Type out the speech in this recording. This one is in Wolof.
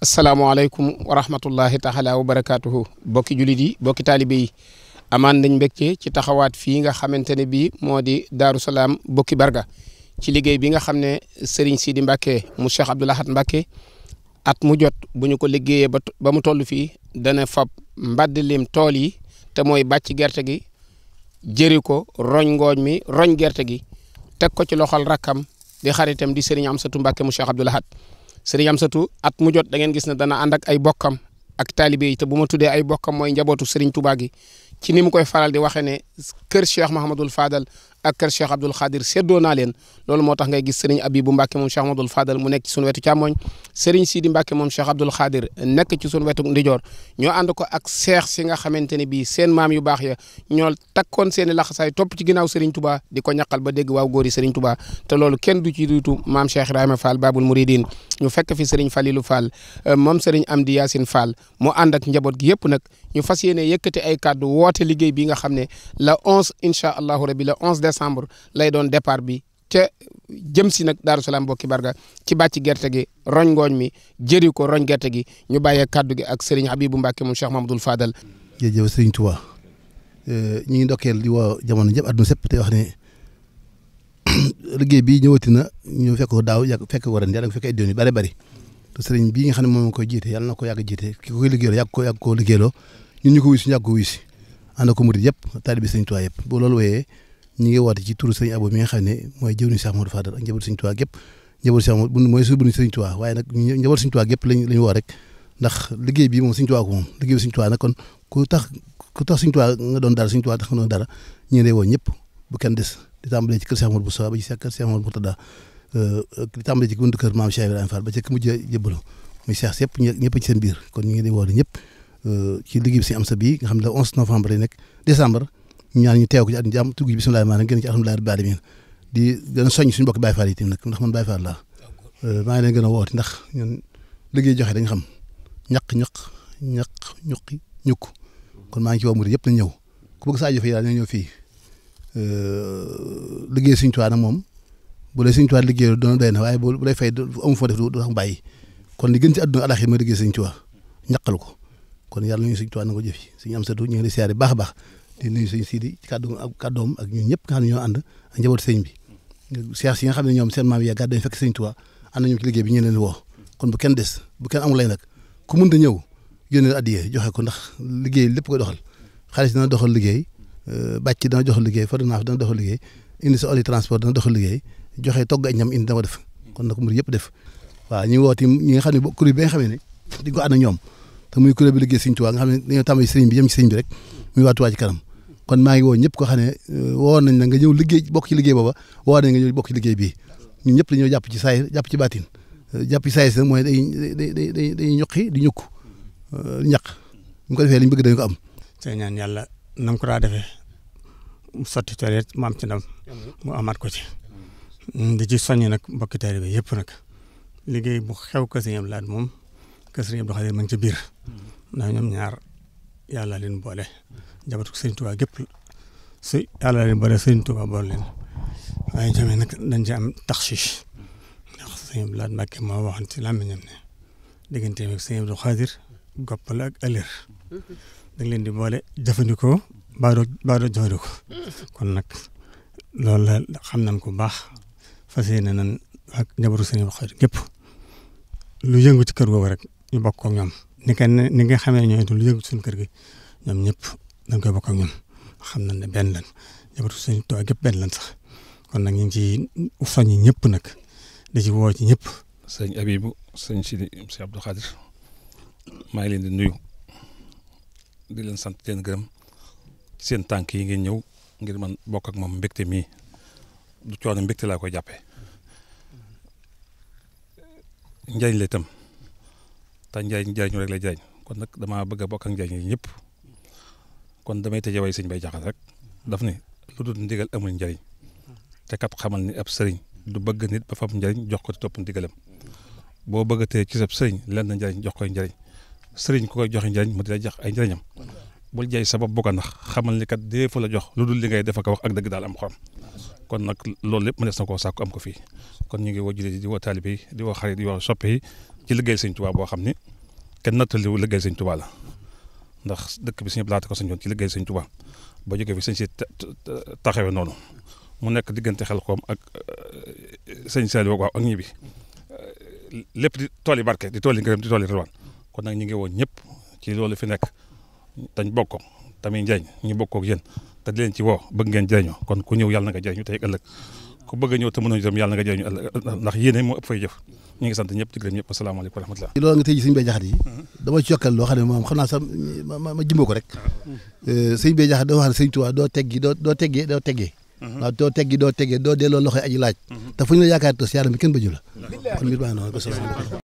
asalaamaaleykum wa rahmatullahi taala wa barakaatuhu bokki jullit yi bokki taalibe yi amaan nañ mbégte ci taxawaat fii nga xamante ne bii moo di Daaru Salaam bokki Barga ci liggéey bi nga xam ne Serigne Sidi Mbacke mu Cheikh mbakke at mu jot buñu ko liggéeyee ba ba mu toll fii dana fab mbadd tool yi te mooy bàcc gerte gi jëri ko roñ ngooñ mi roñ gerte gi teg ko ci loxol rakkam di xaritam di Serigne Amsatou Mbacke mu Cheikh Abdoul Ahad sëriñ Amsatu at mu jot da ngeen gis ne dana ànd ak ay bokkam ak taalibe yi bu ma tuddee ay bokkam mooy njabootu sëriñ Tuubaa gi ci ni mu koy faral di waxee ne kër Cheikh Mahamadul Fadal ak kër Cheikh Abdoul Khadir séddoo naa leen loolu moo tax ngay gis Serigne Abibou Mbacke moom Cheikh Amadou Fadal mu nekk ci sunu wetu càmmoñ Serigne Sidi Mbacke moom Cheikh Abdoul Khadir nekk ci wetu ndijoor ñoo ànd ko ak seex si nga xamante ne bii seen maam yu baax ya ñoo tak takkoon seen i laxasaay topp ci ginnaaw Serigne Touba di ko ñaqal ba dégg waaw góori Serigne Touba te loolu kenn du ci duutu maam Cheikh Ibrahima Fall Babul Mouridine ñu fekk fi Serigne Falilou Fall euh, moom Serigne Amdi Yacine Fall mu ànd ak njaboot gi yëpp nag ñu fas yéene yëkkati ay kàddu woote liggéey bi nga xam ne la 11 incha allahu décembre lay doon départ bi ca jëm si nag Daaru Salaam bokki barga ci bàcc gerte gi roñ ngooñ mi jëri ko roñ gerte gi ñu bàyyee kàddu gi ak Serigne Habibou Mbacke moom Cheikh Mamadou Fadal. jërëjëf Serigne Touba euh, ñu ngi ndokkeel di woo jamono jëpp àdduna sépp te wax ne liggéey bii ñëwati na ñu fekk ko daaw yàgg fekk ko ren yàlla fekk ay doon yu bari bari te sëriñ bii nga xam ne moom koy ko yàgg jiite ki koy liggéeyal yàgg ko yàgg koo liggéeyaloo ko wuyu si ñu yàgg ko wuyu si ànd ko murid yëpp taalibe sëriñ Tuubaa yëpp ñu ngi woote ci turu sëñ Abo mi nga xam ne mooy jëwriñu Cheikh Modou Fadal ak njabootu sëñ Tuubaa gépp njabootu Cheikh Modou ndax liggéey bi moom sëñ Tuubaa ko moom liggéey bi sëñ Tuubaa kon ku tax ku tax sëñ Tuubaa nga ñu ngi lay woo ñëpp bu ci kër Cheikh Modou Bousso ba ci kër Cheikh si euh, ñëpp ci seen biir kon ñu ngi lay ñëpp euh, ci liggéey bi sëñ Amsa bi nga xam ne le 11 novembre lay nekk décembre ñaan ñu teew ko ci at jàmm tugg ci bismillah maanaam gën ci alhamdulilah rabbil alamin di gën a soññ suñu bokk yi tamit nag ndax man Baye Fall laa euh, maa ngi leen gën a wooti ndax ñun liggéey joxe dañ xam ñaq ñaq ñaq ñuqi kon maa ngi ci woo murid yëpp na ñëw ko bëgg Sadio Faye daal ñoo ñëw fii euh, liggéey Sëriñ Tuubaa nag moom bu lay Sëriñ Tuubaa liggéey doon doy na waaye bu lay fay amu foo def du tax bàyyi kon li gën ci àdduna alaxir mooy liggéey Sëriñ Tuubaa ñaqal ko kon yàlla ñu Sëriñ Tuubaa na ko jëf yi suñu am satu ñu ngi baax a baax da nuyu sëñ Sidi ci kàddu ak kàddoom ak ñun ñëpp bi siyaas yi nga xam ne ñoom seen maam ya gàddu dañu da ñëw yónnee addiye joxe ko ndax liggéey lépp koy doxal xaalis dana doxal liggéey euh, bàcc dana doxal liggéey fadonaaf dana doxal liggéey indi sa oli transport dana doxal liggéey joxe togg ay ñam indi dama ñu wooti ñi nga xam ne kuréel bi nga xam ne di ko ànd ñoom te muy kuréel bi liggéey sëñ Tuubaa rek muy waa Tuubaa kanam kon maa ngi woo ñëpp ko xam ne euh, woo nañ la nga ñëw liggéey bokk ci liggéey booba woo nañ nga ñëw bokk ci bii ñun ñëpp dañoo jàpp ci saayir jàpp ci baatin euh, jàpp ci saayir si mooy day day day day ñuqi di ñukk euh, ñaq ko defee bëgg dañ ko am. sëñ yàlla nam ko daa defee mu sotti tool yi mu ci ndam mu amaat ko ci mm, di ci soññ nag mbokki taalibe bi yëpp nag liggéey bu xew kër Sëñ Abdou Lahad moom kër Sëñ Abdou Khadre ma ngi biir ndax ñoom ñaar. yàlla leen boole njabootu sëriñ Tuubaa gépp si yàlla leen boole sëriñ Tuubaa boole leen waaye tamit nag dañ ci am taxsiis ndax sëñ Blaat Mbàkke moo waxoon ci làmmiñam ne diggante ak sëñ Abdou Xaadir goppal ak ëllër dañ leen di boole jëfandikoo baadoo baadoo jëfandikoo kon nag loolu la xam nañ ko baax fas yéene nañ ak njabootu sëriñ Abdou Xaadir gépp lu yëngu ci kër googu rek ñu bokk ko ñoom ni ka ni nga xamee ñooy dul yëngu suñu kër gi ñoom ñëpp dañ koy bokk ak ñun xam nañ ne benn lan jabatu suñu toog benn lan sax kon nag ñu ngi ciy soññi ñëpp nag di ci woo ci ñëpp. sëñ Abibu sëñ Sidi sëñ Abdou maa ngi leen di nuyu di leen sant leen gërëm seen tànk yi ngeen ñëw ngir man bokk ak moom mbégte mii du coono mbégte laa koy jàppee njëriñ la te njaañ njaañu rek la jaañ kon nag damaa bëgg a bokk ak njaañ ñëpp kon damay tëjee way sëñ bay jaxas rek daf ne lu dul ndigal amul njariñ te kat xamal ni ab sëriñ du bëgg nit ba fam njariñ jox ko topp ndigalam boo bëgg a tee ci sab sëriñ lenn njariñ jox koy njariñ sëriñ ko koy joxe njariñ mu di la jax ay njariñam bul jaay sabab bu ndax xamal ni kat dee fu la jox lu dul li ngay def ak wax ak dëgg daal am xorom kon nag loolu lépp mënees na koo sàkku am ko fii kon ñu ngi woo jullit di woo taalibe ci liggéey sëñ Tuubaa boo xam ne kenn nattaliwu liggéey sëñ Tuubaa la ndax dëkk bi sëñ Abdu Lahat ko sañoon ci liggéey sëñ Tuubaa ba jógee fi sëñ si taxawee noonu mu nekk diggante xel koom ak euh, sëñ Saliou waaw ak ñi bi euh, lépp di tool yi barke di tool yi ngërëm di tool yi kon nag ñu ngi woon ñëpp ci loolu fi nekk dañ bokk tamit njëriñ ñu bokk ak yéen te di ci woo bëgg ngeen jëriñoo kon ku ñëw yàlla na nga jëriñu tey ëllëg ku bëgg a ñëw te mën a jëm yàlla nga jëriñu ndax yéene moo ëpp fay jëf ñu ngi sant ñëpp di gërëm ñëpp asalaamaaleykum wa rahmatulah loolu nga tey ji sëñ Bay Jaxate ci yokkal mm-hmm. loo xam ne ma ma jimboo rek mm-hmm. euh, sëñ Bay Jaxate dafa wax ne sëñ doo teggi doo doo teggee doo teggee mm-hmm. waaw doo teggi doo teggee doo delloo loxo aji laaj te fu ñu la yaakaar tos yàlla mi kenn bëju la